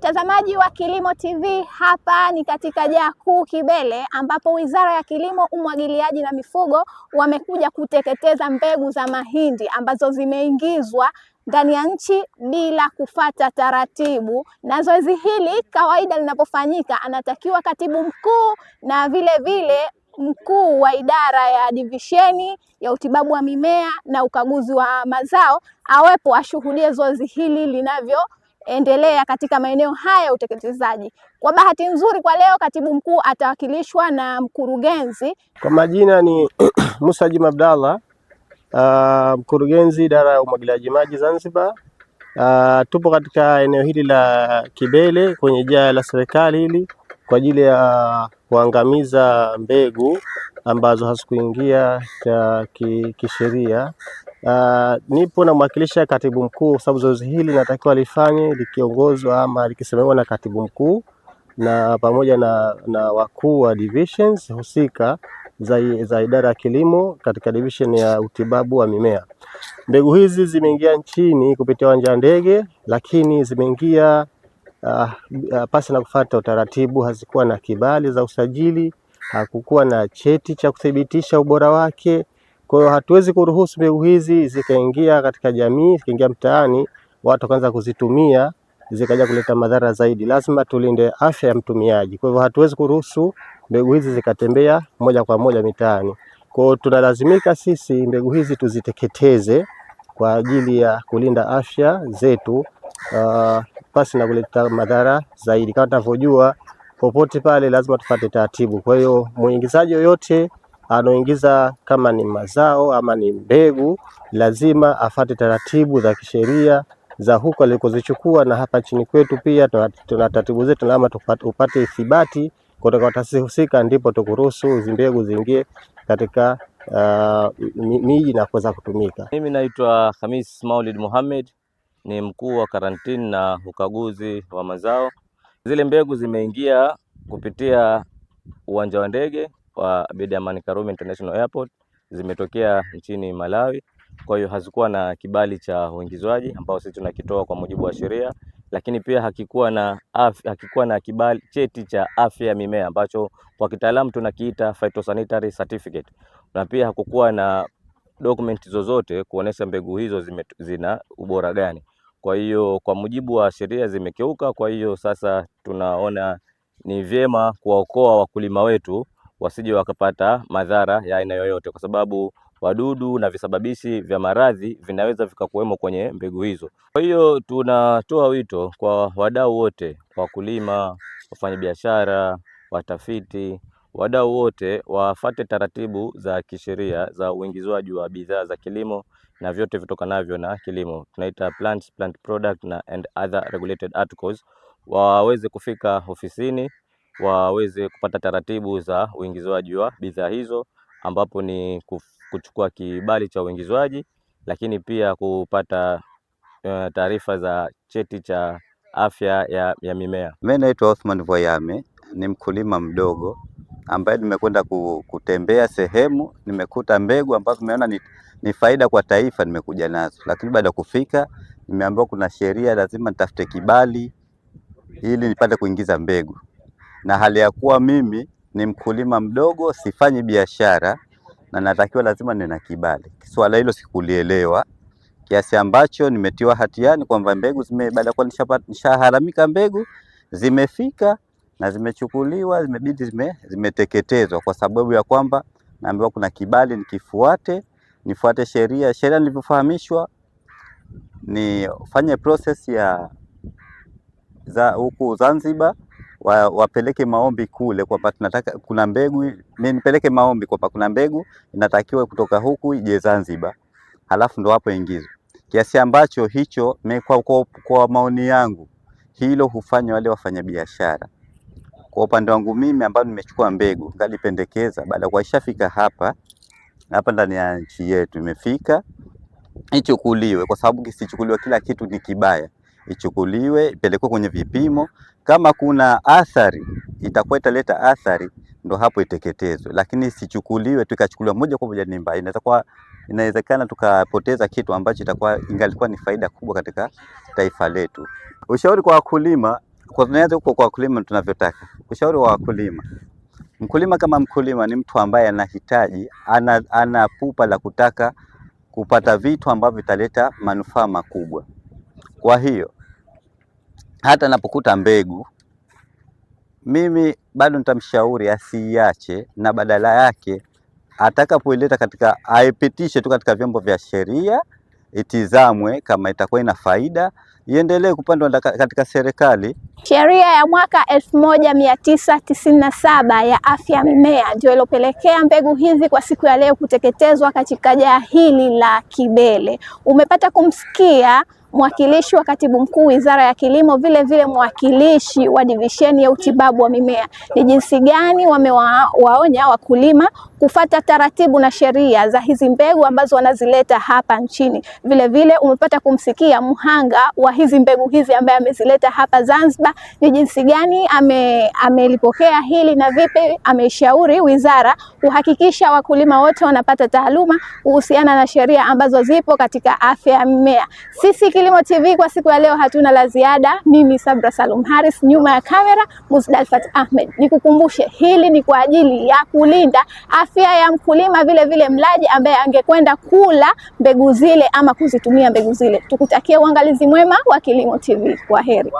Mtazamaji wa Kilimo TV, hapa ni katika jaa kuu Kibele, ambapo Wizara ya Kilimo, Umwagiliaji na Mifugo wamekuja kuteketeza mbegu za mahindi ambazo zimeingizwa ndani ya nchi bila kufata taratibu. Na zoezi hili kawaida linapofanyika, anatakiwa katibu mkuu na vile vile mkuu wa idara ya divisheni ya utibabu wa mimea na ukaguzi wa mazao awepo ashuhudie zoezi hili linavyo endelea katika maeneo haya ya utekelezaji. Kwa bahati nzuri, kwa leo katibu mkuu atawakilishwa na mkurugenzi. Kwa majina ni Musa Juma Abdallah, uh, mkurugenzi idara ya umwagiliaji maji Zanzibar. Uh, tupo katika eneo hili la Kibele kwenye jaya la serikali hili kwa ajili ya kuangamiza mbegu ambazo hazikuingia kisheria Uh, nipo mwakilisha katibu mkuu kwa sababu zoezi hili natakiwa lifanye likiongozwa ama likisimamiwa na katibu mkuu na pamoja na, na wakuu wa divisions husika za, za idara ya kilimo katika division ya utibabu wa mimea. Mbegu hizi zimeingia nchini kupitia uwanja wa ndege, lakini zimeingia uh, uh, pasi na kufuata utaratibu. Hazikuwa na kibali za usajili, hakukuwa na cheti cha kuthibitisha ubora wake. Kwa hiyo hatuwezi kuruhusu mbegu hizi zikaingia katika jamii, zikaingia mtaani, watu wakaanza kuzitumia zikaja kuleta madhara zaidi. Lazima tulinde afya ya mtumiaji. Kwa hivyo hatuwezi kuruhusu mbegu hizi zikatembea moja kwa moja mitaani. Kwa hiyo tunalazimika sisi mbegu hizi tuziteketeze kwa ajili ya kulinda afya zetu, uh, pasi na kuleta madhara zaidi. Kama tunavyojua, popote pale lazima tupate taratibu. Kwa hiyo muingizaji yoyote anaoingiza kama ni mazao ama ni mbegu, lazima afate taratibu za kisheria za huko alikozichukua na hapa nchini kwetu pia tuna taratibu zetu, na ama upate ithibati kutoka kwa taasisi husika, ndipo tukuruhusu hizi mbegu ziingie katika uh, miji na kuweza kutumika. Mimi naitwa Hamis Maulid Muhammad, ni mkuu wa karantini na ukaguzi wa mazao. Zile mbegu zimeingia kupitia uwanja wa ndege wa Abeid Amani Karume International Airport zimetokea nchini Malawi. Kwa hiyo hazikuwa na kibali cha uingizwaji ambao sisi tunakitoa kwa mujibu wa sheria, lakini pia hakikuwa na af, hakikuwa na kibali cheti cha afya ya mimea ambacho kwa kitaalamu tunakiita phytosanitary certificate, na pia hakukuwa na dokumenti zozote kuonesha mbegu hizo zime, zina ubora gani. Kwa hiyo kwa mujibu wa sheria zimekeuka. Kwa hiyo sasa tunaona ni vyema kuwaokoa wakulima wetu wasije wakapata madhara ya aina yoyote, kwa sababu wadudu na visababishi vya maradhi vinaweza vikakuwemo kwenye mbegu hizo. Kwa hiyo tunatoa wito kwa wadau wote, wakulima, wafanyabiashara, watafiti, wadau wote wafate taratibu za kisheria za uingizwaji wa bidhaa za kilimo na vyote vitokanavyo na kilimo, tunaita plants, plant product na and other regulated articles, waweze kufika ofisini waweze kupata taratibu za uingizwaji wa bidhaa hizo, ambapo ni kuchukua kibali cha uingizwaji, lakini pia kupata uh, taarifa za cheti cha afya ya, ya mimea. Mimi naitwa Othman Voyame, ni mkulima mdogo ambaye nimekwenda kutembea sehemu, nimekuta mbegu ambazo nimeona ni, ni faida kwa taifa, nimekuja nazo, lakini baada ya kufika nimeambiwa kuna sheria, lazima nitafute kibali ili nipate kuingiza mbegu na hali ya kuwa mimi ni mkulima mdogo, sifanyi biashara na natakiwa lazima nina kibali. Swala hilo sikulielewa kiasi ambacho nimetiwa hatiani kwamba mbegu zime, baada kwa nishaharamika, mbegu zimefika na zimechukuliwa, zimebidi zime, zimeteketezwa kwa sababu ya kwamba naambiwa kuna kibali nikifuate, nifuate sheria. Sheria nilivyofahamishwa nifanye process ya za huku Zanzibar wa, wapeleke maombi kule kwamba tunataka kuna mbegu mimi nipeleke maombi kwamba kuna mbegu inatakiwa kutoka huku ije Zanzibar, halafu ndo hapo ingizwe kiasi ambacho hicho kwa, kwa, kwa maoni yangu hilo hufanya wale wafanyabiashara. Kwa upande wangu mimi ambao nimechukua mbegu, ngalipendekeza baada kwa ishafika hapa hapa ndani ya nchi yetu imefika, ichukuliwe, kwa sababu kisichukuliwa kila kitu ni kibaya ichukuliwe ipelekwe kwenye vipimo. Kama kuna athari itakuwa italeta athari, ndo hapo iteketezwe, lakini sichukuliwe tu ikachukuliwa moja kwa moja nimba. Inaweza kuwa inawezekana tukapoteza kitu ambacho itakuwa ingalikuwa ni faida kubwa katika taifa letu. Ushauri kwa wakulima, kwa tunaanza huko kwa wakulima tunavyotaka. Ushauri wa wakulima, mkulima kama mkulima ni mtu ambaye anahitaji ana, ana pupa la kutaka kupata vitu ambavyo vitaleta manufaa makubwa. Kwa hiyo hata napokuta mbegu mimi bado nitamshauri asiiache, na badala yake atakapoileta katika aipitishe tu katika vyombo vya sheria, itizamwe kama itakuwa ina faida, iendelee kupandwa katika serikali. Sheria ya mwaka elfu moja mia tisa tisini na saba ya afya ya mimea ndio iliyopelekea mbegu hizi kwa siku ya leo kuteketezwa katika jaa hili la Kibele. Umepata kumsikia mwakilishi wa katibu mkuu Wizara ya Kilimo, vile vile mwakilishi wa divisheni ya utibabu wa mimea, ni jinsi gani wamewaonya wakulima kufata taratibu na sheria za hizi mbegu ambazo wanazileta hapa nchini. Vile vile umepata kumsikia mhanga wa hizi mbegu hizi ambaye amezileta hapa Zanzibar, ni jinsi gani amelipokea ame hili na vipi ameshauri wizara kuhakikisha wakulima wote wanapata taaluma kuhusiana na sheria ambazo zipo katika afya ya mimea. Sisi Kilimo TV kwa siku ya leo hatuna la ziada. Mimi Sabra Salum Harris, nyuma ya kamera Musdalfat Ahmed. Nikukumbushe hili ni kwa ajili ya kulinda afya ya mkulima, vile vile mlaji ambaye angekwenda kula mbegu zile ama kuzitumia mbegu zile. Tukutakie uangalizi mwema wa Kilimo TV. Kwa heri.